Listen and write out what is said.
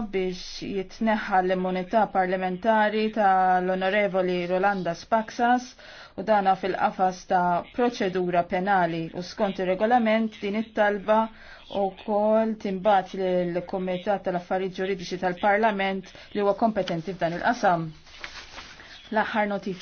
biex jitneħħa l-immunità parlamentari tal-Onorevoli Rolanda Spaxas u dana fil-qafas ta' proċedura penali u skont il-regolament din it-talba u kol timbat l-Komitat tal-Affarijiet Ġuridiċi tal-Parlament li huwa kompetenti f'dan il-qasam. L-aħħar notifika.